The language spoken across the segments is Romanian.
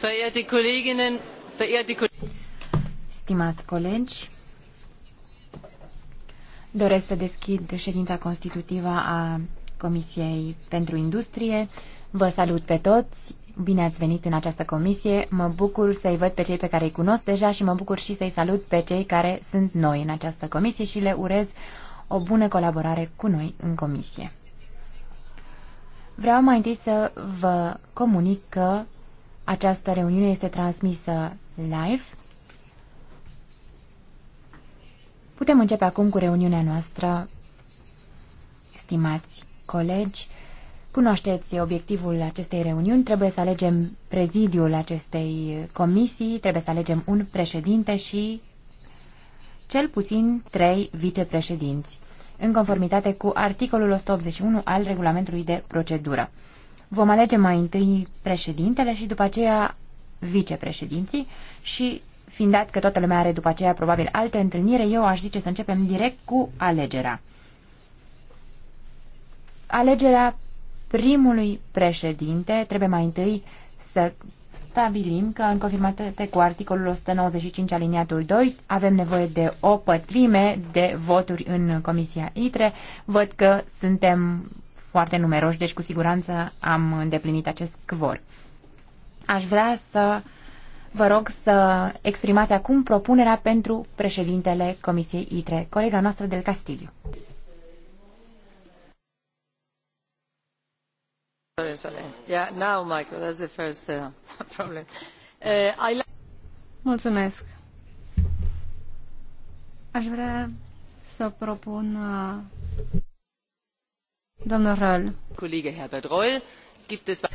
Verehrte Kolleginnen, verehrte Kollegen. Stimați colegi, doresc să deschid ședința constitutivă a Comisiei pentru Industrie. Vă salut pe toți, bine ați venit în această comisie. Mă bucur să-i văd pe cei pe care îi cunosc deja și mă bucur și să-i salut pe cei care sunt noi în această comisie și le urez o bună colaborare cu noi în comisie. Vreau mai întâi să vă comunic că această reuniune este transmisă live. Putem începe acum cu reuniunea noastră, stimați colegi. Cunoașteți obiectivul acestei reuniuni, trebuie să alegem prezidiul acestei comisii, trebuie să alegem un președinte și cel puțin trei vicepreședinți în conformitate cu articolul 181 al regulamentului de procedură. Vom alege mai întâi președintele și după aceea vicepreședinții și fiind dat că toată lumea are după aceea probabil alte întâlnire, eu aș zice să începem direct cu alegerea. Alegerea primului președinte trebuie mai întâi să stabilim că în conformitate cu articolul 195 aliniatul 2 avem nevoie de o pătrime de voturi în Comisia ITRE. Văd că suntem foarte numeroși, deci cu siguranță am îndeplinit acest cvor. Aș vrea să vă rog să exprimați acum propunerea pentru președintele Comisiei ITRE, colega noastră del Castiliu. Sorry, sorry. Yeah, now, Michael, that's the first uh, problem. Uh, Aș vrea să propun uh, domnul Răl. Colegă Herbert Reul,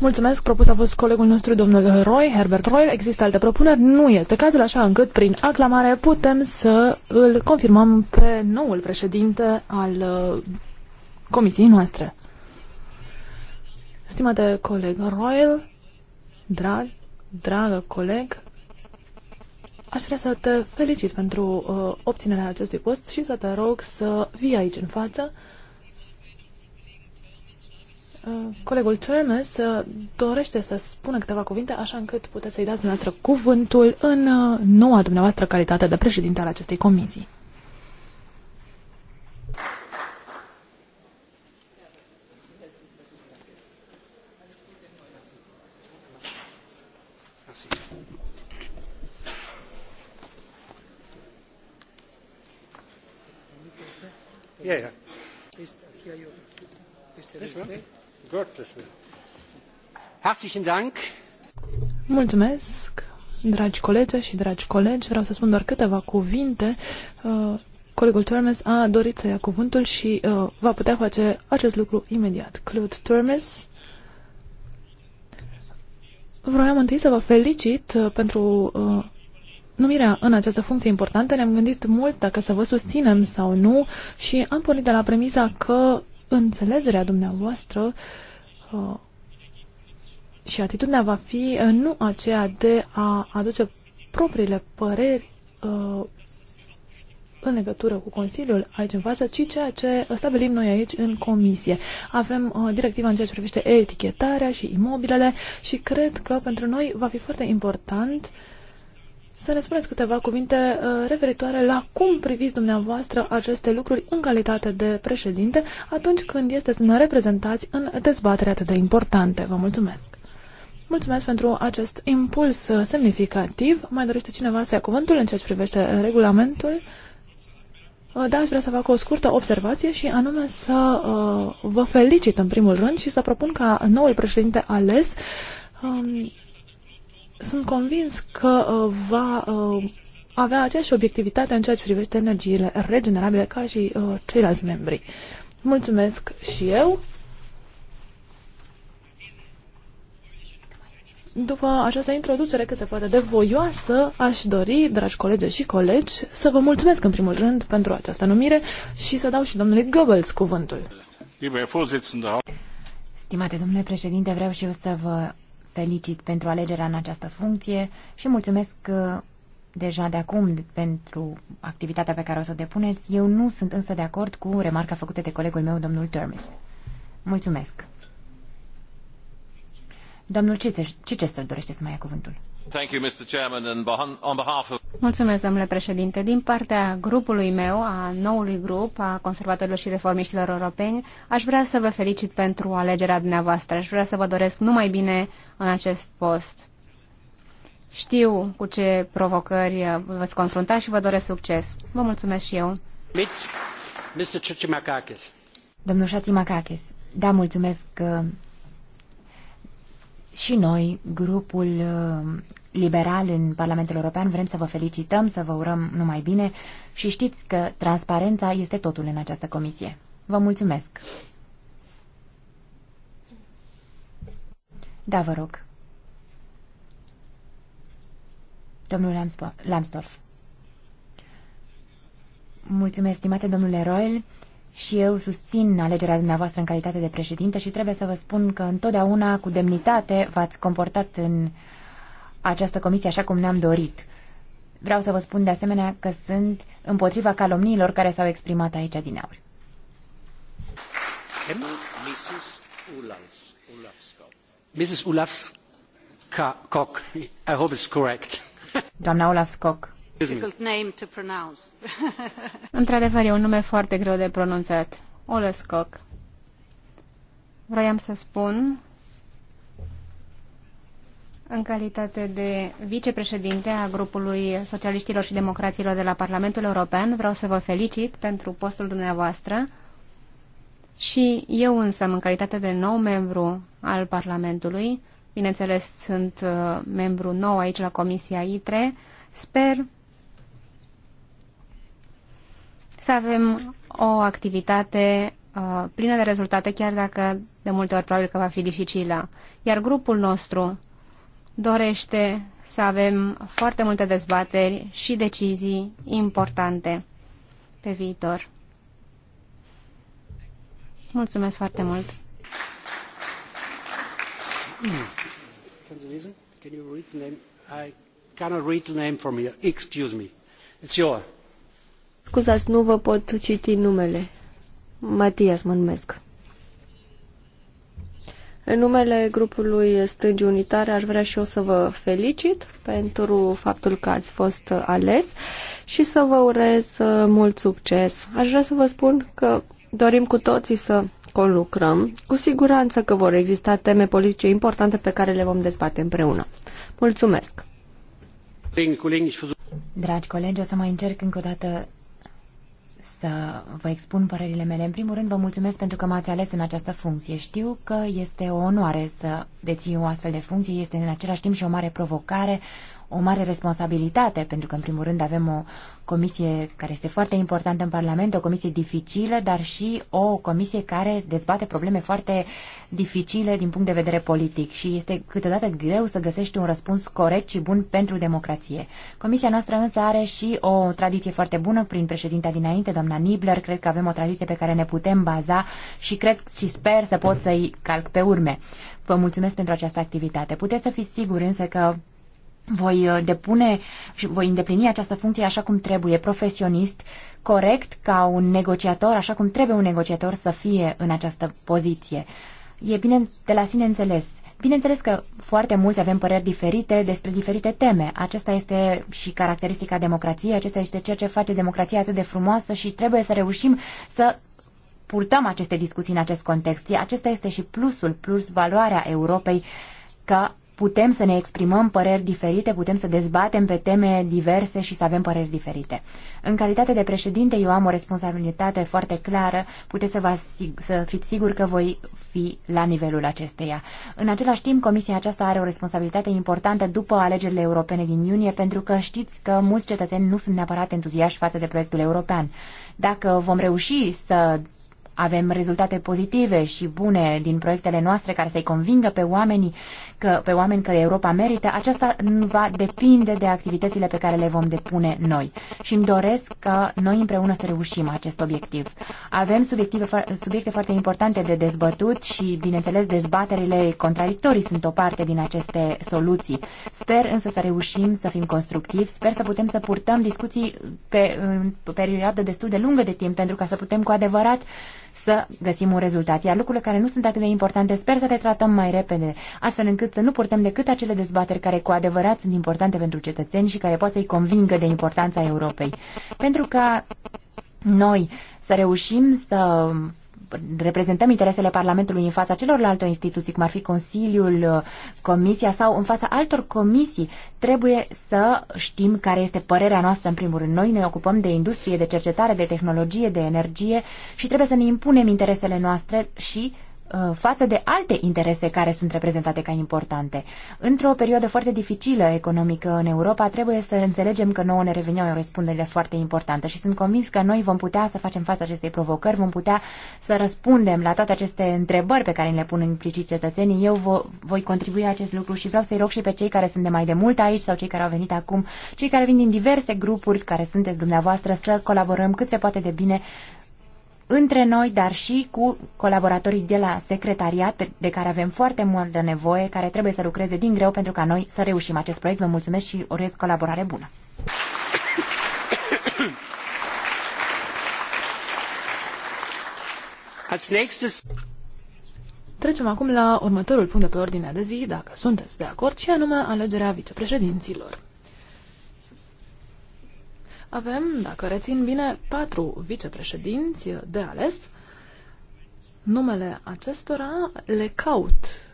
Mulțumesc, propus a fost colegul nostru, domnul Roy, Herbert Roy. Există alte propuneri? Nu este cazul, așa încât prin aclamare putem să îl confirmăm pe noul președinte al comisiei noastre. Stimate coleg Royal, drag, dragă coleg, aș vrea să te felicit pentru uh, obținerea acestui post și să te rog să vii aici în față. Uh, colegul Turmes uh, dorește să spună câteva cuvinte, așa încât puteți să-i dați dumneavoastră cuvântul în uh, noua dumneavoastră calitate de președinte al acestei comisii. Mulțumesc, dragi colegi și dragi colegi. Vreau să spun doar câteva cuvinte. Uh, colegul Turmes a dorit să ia cuvântul și uh, va putea face acest lucru imediat. Claude Turmes. Vroiam întâi să vă felicit uh, pentru uh, numirea în această funcție importantă ne-am gândit mult dacă să vă susținem sau nu și am pornit de la premisa că înțelegerea dumneavoastră uh, și atitudinea va fi uh, nu aceea de a aduce propriile păreri uh, în legătură cu Consiliul aici în față, ci ceea ce stabilim noi aici în comisie. Avem uh, directiva în ceea ce privește etichetarea și imobilele și cred că pentru noi va fi foarte important uh, să ne spuneți câteva cuvinte uh, referitoare la cum priviți dumneavoastră aceste lucruri în calitate de președinte atunci când este să ne reprezentați în dezbatere atât de importante. Vă mulțumesc! Mulțumesc pentru acest impuls semnificativ. Mai dorește cineva să ia cuvântul în ceea ce privește regulamentul? Uh, da, aș vrea să fac o scurtă observație și anume să uh, vă felicit în primul rând și să propun ca noul președinte ales um, sunt convins că uh, va uh, avea aceeași obiectivitate în ceea ce privește energiile regenerabile ca și uh, ceilalți membri. Mulțumesc și eu. După această introducere cât se poate de voioasă, aș dori, dragi colegi și colegi, să vă mulțumesc în primul rând pentru această numire și să dau și domnului Goebbels cuvântul. Stimate domnule președinte, vreau și eu să vă felicit pentru alegerea în această funcție și mulțumesc uh, deja de acum pentru activitatea pe care o să o depuneți. Eu nu sunt însă de acord cu remarca făcută de colegul meu, domnul Termes. Mulțumesc. Domnul Cicester dorește să mai ia cuvântul. Mulțumesc, domnule președinte. Din partea grupului meu, a noului grup, a conservatorilor și reformiștilor europeni, aș vrea să vă felicit pentru alegerea dumneavoastră. Aș vrea să vă doresc numai bine în acest post. Știu cu ce provocări veți confrunta și vă doresc succes. Vă mulțumesc și eu. Mr. Domnul da, mulțumesc uh, și noi, grupul uh, liberal în Parlamentul European, vrem să vă felicităm, să vă urăm numai bine și știți că transparența este totul în această comisie. Vă mulțumesc! Da, vă rog. Domnul Lambsdorff. Mulțumesc, stimate domnule Roel și eu susțin alegerea dumneavoastră în calitate de președinte și trebuie să vă spun că întotdeauna cu demnitate v-ați comportat în această comisie așa cum ne-am dorit. Vreau să vă spun de asemenea că sunt împotriva calomniilor care s-au exprimat aici din aur. Mrs. Ulafska, I hope it's correct. Doamna Olaf Scock, Într-adevăr, e un nume foarte greu de pronunțat. Olescoc. Vroiam să spun, în calitate de vicepreședinte a grupului socialiștilor și democraților de la Parlamentul European, vreau să vă felicit pentru postul dumneavoastră și eu însă, în calitate de nou membru al Parlamentului, bineînțeles sunt uh, membru nou aici la Comisia ITRE, sper să avem o activitate uh, plină de rezultate, chiar dacă de multe ori probabil că va fi dificilă. Iar grupul nostru dorește să avem foarte multe dezbateri și decizii importante pe viitor. Mulțumesc foarte mult! Can you listen? Can you read the name? I cannot read the name from here. Excuse me. It's your scuzați, nu vă pot citi numele. Matias mă numesc. În numele grupului Stângi Unitare aș vrea și eu să vă felicit pentru faptul că ați fost ales și să vă urez uh, mult succes. Aș vrea să vă spun că dorim cu toții să conlucrăm. Cu siguranță că vor exista teme politice importante pe care le vom dezbate împreună. Mulțumesc! Dragi colegi, o să mai încerc încă o dată să vă expun părerile mele. În primul rând, vă mulțumesc pentru că m-ați ales în această funcție. Știu că este o onoare să deții o astfel de funcție, este în același timp și o mare provocare, o mare responsabilitate, pentru că, în primul rând, avem o comisie care este foarte importantă în Parlament, o comisie dificilă, dar și o comisie care dezbate probleme foarte dificile din punct de vedere politic și este câteodată greu să găsești un răspuns corect și bun pentru democrație. Comisia noastră însă are și o tradiție foarte bună prin președinta dinainte, doamna Nibler. Cred că avem o tradiție pe care ne putem baza și cred și sper să pot să-i calc pe urme. Vă mulțumesc pentru această activitate. Puteți să fiți siguri însă că voi uh, depune și voi îndeplini această funcție așa cum trebuie, profesionist, corect, ca un negociator, așa cum trebuie un negociator să fie în această poziție. E bine de la sine înțeles. Bineînțeles că foarte mulți avem păreri diferite despre diferite teme. Aceasta este și caracteristica democrației, acesta este ceea ce face democrația atât de frumoasă și trebuie să reușim să purtăm aceste discuții în acest context. Acesta este și plusul, plus valoarea Europei, că putem să ne exprimăm păreri diferite, putem să dezbatem pe teme diverse și să avem păreri diferite. În calitate de președinte, eu am o responsabilitate foarte clară, puteți să, vă asig- să fiți siguri că voi fi la nivelul acesteia. În același timp, comisia aceasta are o responsabilitate importantă după alegerile europene din iunie, pentru că știți că mulți cetățeni nu sunt neapărat entuziaști față de proiectul european. Dacă vom reuși să avem rezultate pozitive și bune din proiectele noastre care să-i convingă pe oamenii că, pe oameni că Europa merită, aceasta nu va depinde de activitățile pe care le vom depune noi. Și îmi doresc ca noi împreună să reușim acest obiectiv. Avem subiective, subiecte foarte importante de dezbătut și, bineînțeles, dezbaterile contradictorii sunt o parte din aceste soluții. Sper însă să reușim să fim constructivi, sper să putem să purtăm discuții pe, în perioadă destul de lungă de timp pentru ca să putem cu adevărat să găsim un rezultat. Iar lucrurile care nu sunt atât de importante, sper să le tratăm mai repede, astfel încât să nu purtăm decât acele dezbateri care cu adevărat sunt importante pentru cetățeni și care pot să-i convingă de importanța Europei. Pentru că noi să reușim să reprezentăm interesele Parlamentului în fața celorlalte instituții, cum ar fi Consiliul, uh, Comisia sau în fața altor comisii, trebuie să știm care este părerea noastră în primul rând. Noi ne ocupăm de industrie, de cercetare, de tehnologie, de energie și trebuie să ne impunem interesele noastre și uh, Uh, față de alte interese care sunt reprezentate ca importante. Într-o perioadă foarte dificilă economică în Europa, trebuie să înțelegem că nouă ne reveneau o răspundere foarte importantă și sunt convins că noi vom putea să facem față acestei provocări, vom putea să răspundem la toate aceste întrebări pe care le pun implicit cetățenii. Eu vo- voi contribui acest lucru și vreau să-i rog și pe cei care sunt de mai de mult aici sau cei care au venit acum, cei care vin din diverse grupuri care sunteți dumneavoastră, să colaborăm cât se poate de bine între noi, dar și cu colaboratorii de la secretariat, de care avem foarte multă nevoie, care trebuie să lucreze din greu pentru ca noi să reușim acest proiect. Vă mulțumesc și urez colaborare bună! Trecem acum la următorul punct de pe ordinea de zi, dacă sunteți de acord, și anume alegerea vicepreședinților. Avem, dacă rețin bine, patru vicepreședinți de ales. Numele acestora le caut.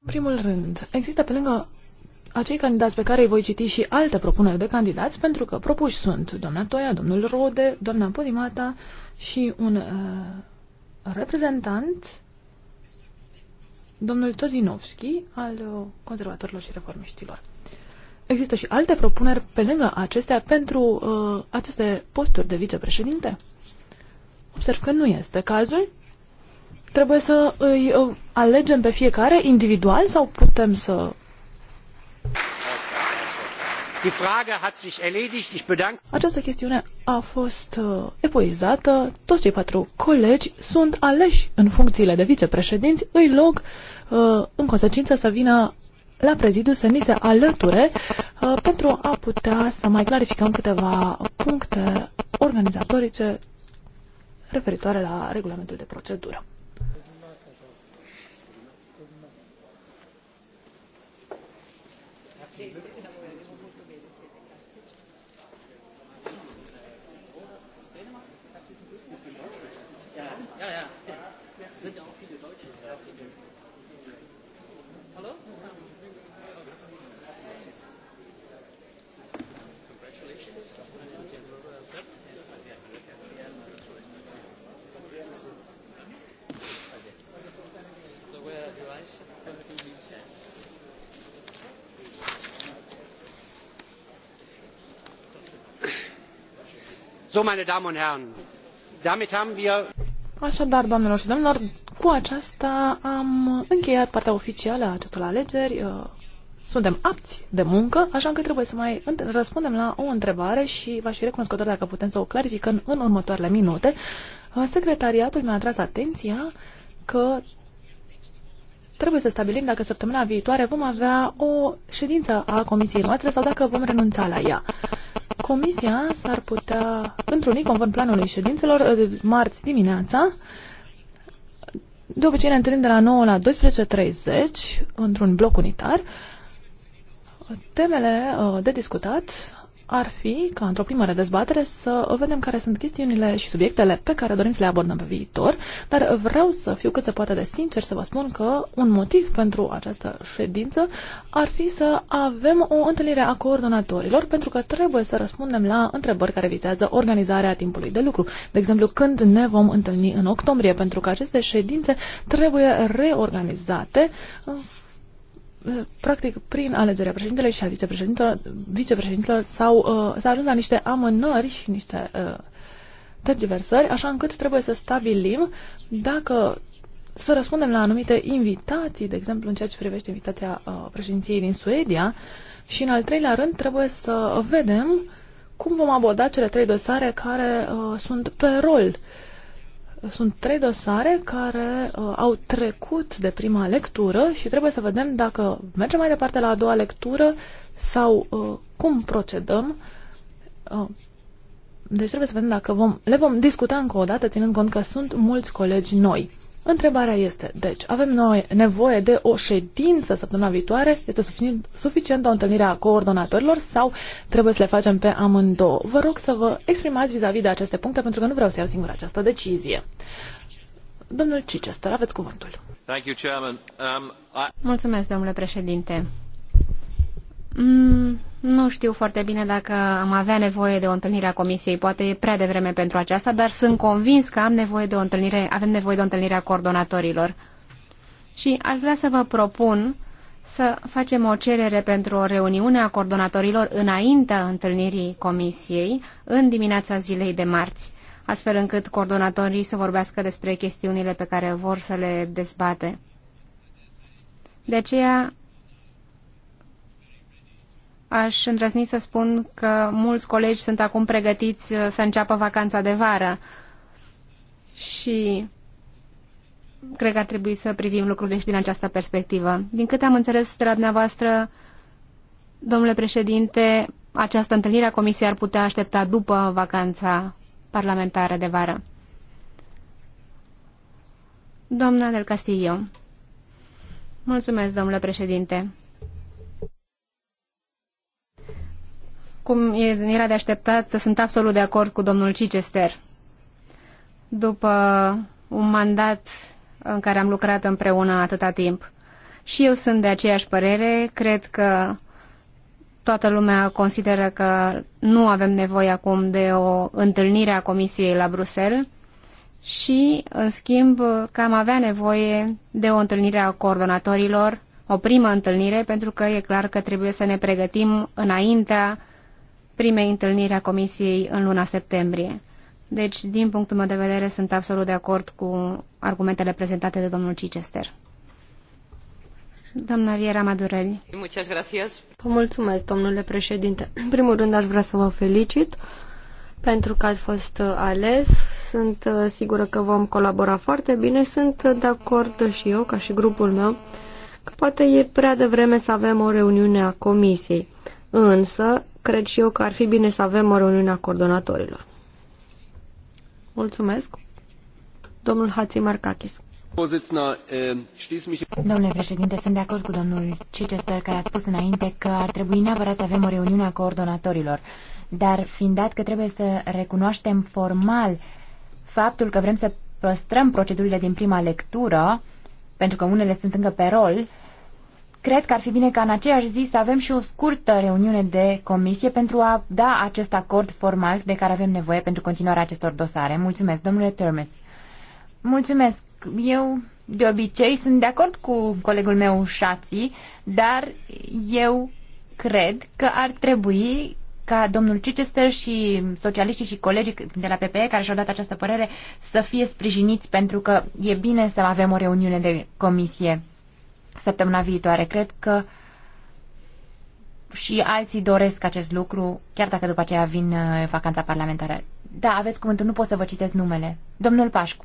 În primul rând, există pe lângă acei candidați pe care îi voi citi și alte propuneri de candidați, pentru că propuși sunt doamna Toia, domnul Rode, doamna Podimata și un uh, reprezentant domnul Tozinovski al uh, conservatorilor și reformiștilor. Există și alte propuneri pe lângă acestea pentru uh, aceste posturi de vicepreședinte? Observ că nu este cazul. Trebuie să îi uh, alegem pe fiecare individual sau putem să această chestiune a fost uh, epuizată. Toți cei patru colegi sunt aleși în funcțiile de vicepreședinți. Îi log, uh, în consecință, să vină la prezidiu să ni se alăture uh, pentru a putea să mai clarificăm câteva puncte organizatorice referitoare la regulamentul de procedură. So, meine Damen und Herren, damit haben wir Așadar, doamnelor și domnilor, cu aceasta am încheiat partea oficială a acestor alegeri. Uh, suntem apți de muncă, așa că trebuie să mai răspundem la o întrebare și v-aș fi recunoscător dacă putem să o clarificăm în următoarele minute. Uh, secretariatul mi-a atras atenția că Trebuie să stabilim dacă săptămâna viitoare vom avea o ședință a comisiei noastre sau dacă vom renunța la ea. Comisia s-ar putea întruni conform planului ședințelor eh, marți dimineața. De obicei ne întâlnim de la 9 la 12.30 într-un bloc unitar. Temele eh, de discutat ar fi ca într-o primă dezbatere să vedem care sunt chestiunile și subiectele pe care dorim să le abordăm pe viitor, dar vreau să fiu cât se poate de sincer să vă spun că un motiv pentru această ședință ar fi să avem o întâlnire a coordonatorilor pentru că trebuie să răspundem la întrebări care vizează organizarea timpului de lucru. De exemplu, când ne vom întâlni în octombrie, pentru că aceste ședințe trebuie reorganizate practic, prin alegerea președintelui și a vicepreședintelor, vicepreședintelor s-au, uh, ajuns la niște amânări și niște uh, tergiversări, așa încât trebuie să stabilim dacă să răspundem la anumite invitații, de exemplu, în ceea ce privește invitația uh, președinției din Suedia, și, în al treilea rând, trebuie să vedem cum vom aborda cele trei dosare care uh, sunt pe rol. Uh, sunt trei dosare care uh, au trecut de prima lectură și trebuie să vedem dacă mergem mai departe la a doua lectură sau uh, cum procedăm. Uh, deci trebuie să vedem dacă vom, le vom discuta încă o dată, ținând cont că sunt mulți colegi noi. Întrebarea este, deci, avem noi nevoie de o ședință săptămâna viitoare? Este suficientă o întâlnire a coordonatorilor sau trebuie să le facem pe amândouă? Vă rog să vă exprimați vis-a-vis -vis de aceste puncte pentru că nu vreau să iau singur această decizie. Domnul Cicester, aveți cuvântul. Um, Mulțumesc, domnule președinte. Mm, nu știu foarte bine dacă am avea nevoie de o întâlnire a comisiei, poate e prea devreme pentru aceasta, dar sunt convins că am nevoie de o întâlnire, avem nevoie de o întâlnire a coordonatorilor. Și aș vrea să vă propun să facem o cerere pentru o reuniune a coordonatorilor înaintea întâlnirii comisiei, în dimineața zilei de marți, astfel încât coordonatorii să vorbească despre chestiunile pe care vor să le dezbate. De aceea aș îndrăzni să spun că mulți colegi sunt acum pregătiți uh, să înceapă vacanța de vară și cred că ar trebui să privim lucrurile și din această perspectivă. Din câte am înțeles de la dumneavoastră, domnule președinte, această întâlnire a comisiei ar putea aștepta după vacanța parlamentară de vară. Doamna del Castillo. Mulțumesc, domnule președinte. cum era de așteptat, sunt absolut de acord cu domnul Cicester. După un mandat în care am lucrat împreună atâta timp. Și eu sunt de aceeași părere, cred că toată lumea consideră că nu avem nevoie acum de o întâlnire a Comisiei la Bruxelles și, în schimb, că am avea nevoie de o întâlnire a coordonatorilor, o primă întâlnire, pentru că e clar că trebuie să ne pregătim înaintea primei întâlniri a Comisiei în luna septembrie. Deci, din punctul meu de vedere, sunt absolut de acord cu argumentele prezentate de domnul Cicester. Doamna Riera Madureli. Vă mulțumesc, domnule președinte. În primul rând, aș vrea să vă felicit pentru că ați fost uh, ales. Sunt uh, sigură că vom colabora foarte bine. Sunt de acord și eu, ca și grupul meu, că poate e prea devreme să avem o reuniune a comisiei. Însă, cred și eu că ar fi bine să avem o reuniune a coordonatorilor. Mulțumesc. Domnul Hatzimarkakis. Domnule președinte, sunt de acord cu domnul Cicester care a spus înainte că ar trebui neapărat să avem o reuniune a coordonatorilor. Dar fiind dat că trebuie să recunoaștem formal faptul că vrem să păstrăm procedurile din prima lectură, pentru că unele sunt încă pe rol, Cred că ar fi bine ca în aceeași zi să avem și o scurtă reuniune de comisie pentru a da acest acord formal de care avem nevoie pentru continuarea acestor dosare. Mulțumesc, domnule Termes. Mulțumesc. Eu, de obicei, sunt de acord cu colegul meu Șații, dar eu cred că ar trebui ca domnul Chichester și socialiștii și colegii de la PPE care și-au dat această părere să fie sprijiniți pentru că e bine să avem o reuniune de comisie săptămâna viitoare. Cred că și alții doresc acest lucru, chiar dacă după aceea vin uh, vacanța parlamentară. Da, aveți cuvântul, nu pot să vă citesc numele. Domnul Pașcu.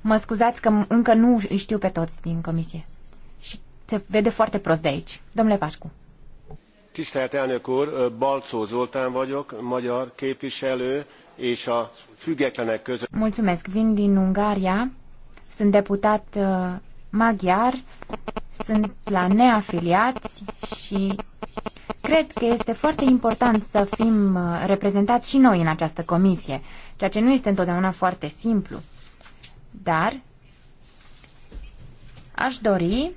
Mă scuzați că încă nu îi știu pe toți din comisie. Și se vede foarte prost de aici. Domnule Pașcu. Tisztelt elnök úr, Balcó Zoltán vagyok, magyar képviselő és a függetlenek között. Mulțumesc, vin din Ungaria, sunt deputat Maghiar sunt la neafiliați și cred că este foarte important să fim uh, reprezentați și noi în această comisie, ceea ce nu este întotdeauna foarte simplu. Dar aș dori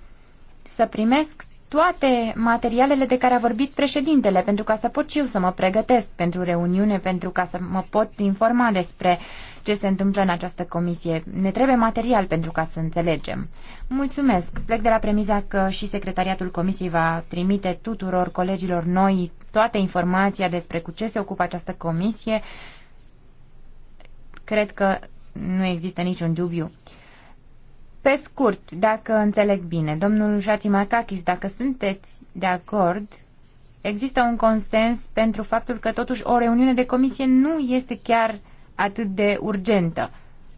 să primesc toate materialele de care a vorbit președintele, pentru ca să pot și eu să mă pregătesc pentru reuniune, pentru ca să mă pot informa despre ce se întâmplă în această comisie. Ne trebuie material pentru ca să înțelegem. Mulțumesc. Plec de la premiza că și secretariatul comisiei va trimite tuturor colegilor noi toată informația despre cu ce se ocupă această comisie. Cred că nu există niciun dubiu. Pe scurt, dacă înțeleg bine, domnul Jatimakakis, dacă sunteți de acord, există un consens pentru faptul că totuși o reuniune de comisie nu este chiar atât de urgentă.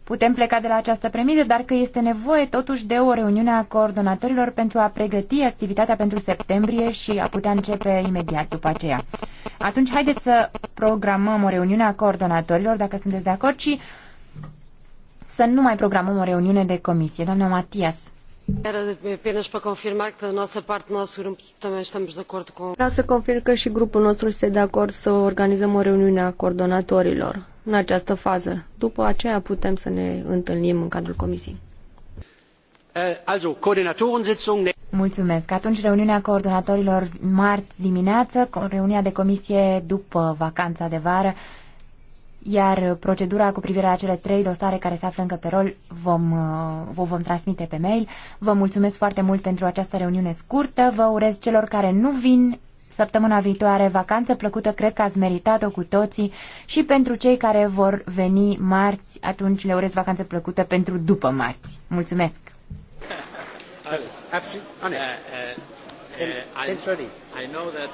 Putem pleca de la această premisă, dar că este nevoie totuși de o reuniune a coordonatorilor pentru a pregăti activitatea pentru septembrie și a putea începe imediat după aceea. Atunci, haideți să programăm o reuniune a coordonatorilor, dacă sunteți de acord, și să nu mai programăm o reuniune de comisie. Doamna Matias. Vreau să confirm că și grupul nostru este de acord să organizăm o reuniune a coordonatorilor în această fază. După aceea putem să ne întâlnim în cadrul comisiei. Eh, Mulțumesc. Atunci reuniunea coordonatorilor marți dimineață, reuniunea de comisie după vacanța de vară iar uh, procedura cu privire la cele trei dosare care se află încă pe rol vom, uh, vă vom transmite pe mail. Vă mulțumesc foarte mult pentru această reuniune scurtă. Vă urez celor care nu vin săptămâna viitoare vacanță plăcută, cred că ați meritat-o cu toții și pentru cei care vor veni marți, atunci le urez vacanță plăcută pentru după marți. Mulțumesc! Uh, I know that